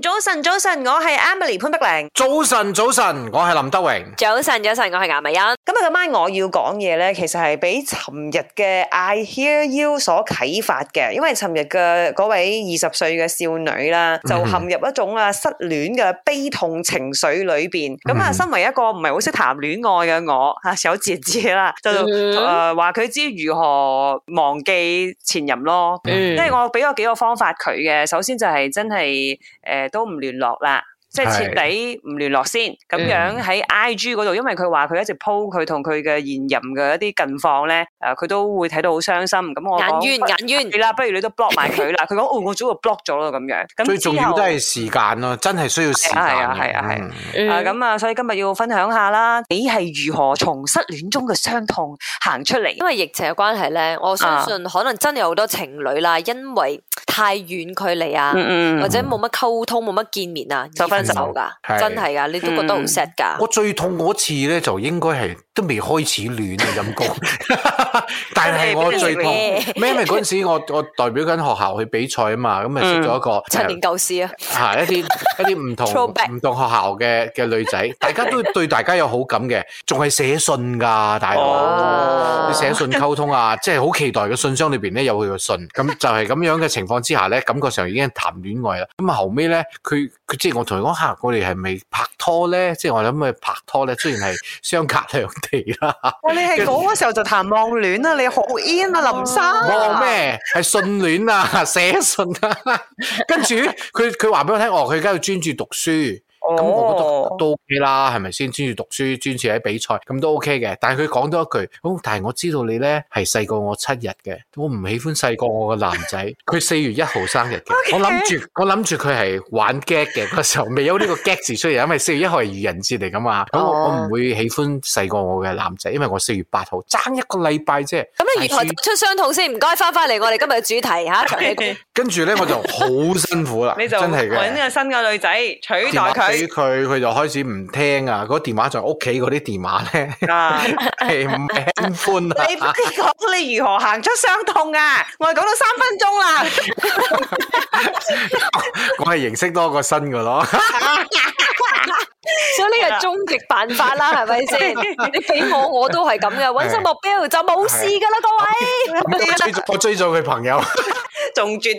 早晨，早晨，我係 Emily 潘碧玲。早晨，早晨，我係林德榮。早晨，早晨，我係顏美欣。咁今晚我要講嘢咧，其實係俾尋日嘅 I Hear You 所啟發嘅。因為尋日嘅嗰位二十歲嘅少女啦，就陷入一種啊失戀嘅悲痛情緒裏邊。咁啊，身為一個唔係好識談戀愛嘅我啊，有知知啦，就誒話佢知如何忘記前任咯。嗯，因為我俾咗幾個方法佢嘅。首先就係真係誒。呃都唔聯絡啦，即係徹底唔聯絡先。咁樣喺 IG 嗰度，因為佢話佢一直 po 佢同佢嘅現任嘅一啲近況咧，誒、啊、佢都會睇到好傷心。咁我眼冤眼冤係啦，不如你都 block 埋佢啦。佢 講：哦，我早就 block 咗啦。咁樣最重要都係時間咯、啊，真係需要時間。係啊係啊係啊咁啊，啊，、嗯啊，所以今日要分享下啦，你係如何從失戀中嘅傷痛行出嚟？因為疫情嘅關係咧，我相信可能真係有好多情侶啦、啊，因為。太遠距離啊、嗯，或者冇乜溝通，冇、嗯、乜見面啊，就分手噶、嗯，真係噶、嗯，你都覺得好 sad 噶。我最痛嗰次咧，就應該係都未開始戀啊，咁講，但係我最痛，咩？因為嗰陣時我我代表緊學校去比賽啊嘛，咁咪識咗一個、嗯呃、七年舊師啊，一啲一啲唔同唔 同學校嘅嘅女仔，大家都對大家有好感嘅，仲係寫信噶，大佬，寫、哦、信溝通啊，即係好期待嘅信箱裏邊咧有佢嘅信，咁就係咁樣嘅情況。 之下咧，感覺上已經談戀愛啦。咁、嗯、啊，後尾咧，佢佢即係我同佢講吓，我哋係咪拍拖咧？即係我諗佢拍拖咧，雖然係相隔兩地啦。我哋係講嗰時候就談網戀啊，你學 in 啊，林生望咩？係信戀啊， 寫信啊。跟住佢佢話俾我聽，哦，佢而家要專注讀書。咁、嗯、我覺得都、oh. OK 啦，係咪先專注讀書，專注喺比賽，咁都 OK 嘅。但係佢講多一句，好、哦，但係我知道你咧係細過我七日嘅，我唔喜歡細過我嘅男仔。佢 四月一號生日嘅、okay.，我諗住我諗住佢係玩 gag 嘅嗰時候，未有呢個 gag 字出嚟， 因為四月一號係愚人節嚟噶嘛。咁、oh. 嗯、我唔會喜歡細過我嘅男仔，因為我四月八號爭一個禮拜啫。咁你如何突出傷痛先？唔該，翻返嚟我哋今日嘅主題吓。 跟住咧，我就好辛苦啦， 真係嘅。揾個新嘅女仔取代佢。俾佢，佢就開始唔聽啊！嗰電話就屋企嗰啲電話咧，係唔歡啊！你唔講你如何行出傷痛啊！我哋講到三分鐘啦，我係認識多個新嘅咯，所以呢個終極辦法啦，係咪先？你俾我我都係咁嘅，揾個目標就冇事噶啦，各位。我追我追咗佢朋友，仲絕。